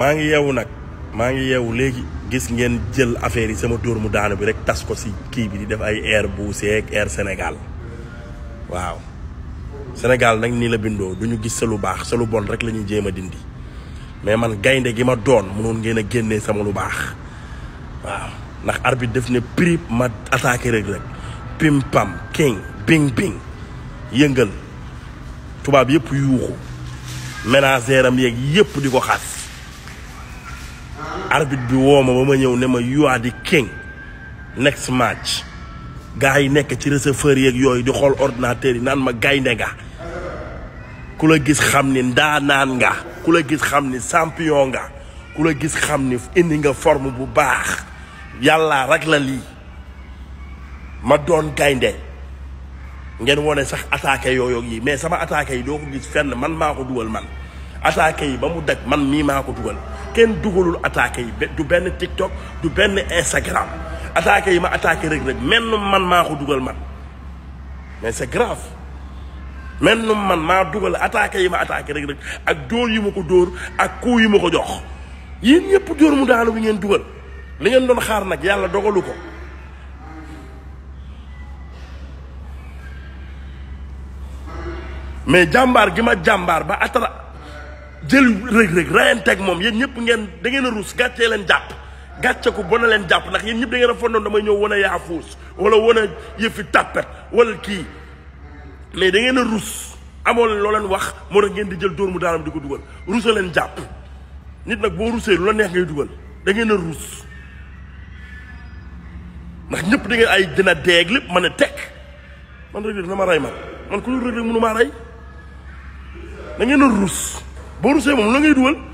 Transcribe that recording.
Mangiya ngi nak mangi maa legi gis ngeen jël affaire yi sama dóor daanu bi rek tas ko ci ki bi di def ay air Bousse ak air Sénégal waaw Sénégal nak ni la bindo duñu gis sa lu bax sa lu bon rek la jema dindi mais man gaynde gi ma doon mënon ngeena a sama lu bax waaw nak arbitre def ne prip ma attaquer rek rek pim pam king bing bing tuba tubaab yep yuuxu ménagère am yeeg yëpp arbitre bi woo ma ba ma ñëw ne ma you di the king next match gars yi nekk ci receveur yeeg yooyu di xool ordinateur yi naan ma gaynde ga ku la gis xam ni ndaanaan nga ku la gis xam ni champion nga ku la gis xam ni indi nga forme bu baax yàlla rek la lii ma doon gaynde ngeen wone sax attaqué yooyu yi mais sama attaqué yi doo ko gis fenn man maa ko dugal man attaqué yi ba mu daj man mii maa ko dugal ken dugalul attaqué du ben TikTok du ben Instagram attaqué yi ma attaqué rek rek menn man ma ko dugal man mais c'est grave menn man ma dugal attaqué yi ma attaqué rek rek ak dóor yi ma ko dóor ak coup yi ma ko jox yéen ñëpp dóor mu daanu bi ngeen dugal li ngeen don xaar nak Yalla dogaluko. mais jambar gi jambar ba atara jël rëg rëg rayanteeg moom yéen ñëpp ngeen dangeen ngeen a ruus gàccee leen jàpp gàcce ko bona leen jàpp ndax yéen ñëpp da ngeen a fondoon damay ñëw a yaafuus wala wan a yëfi tàppet wala kii mais da ngeen ruus amoo leen wax moo ngeen di jël dóor mu daanam di ko dugal ruusa leen jàpp nit nag boo ruusee lu la neex ngay dugal da ngeen a ruus ndax ñëpp da ay dina deeg lépp mën a teg man rëg rëg dama rey man man ku ñu rëg rëg mënu maa rey da ngeen a ruus boo rusee moom la ngay dugal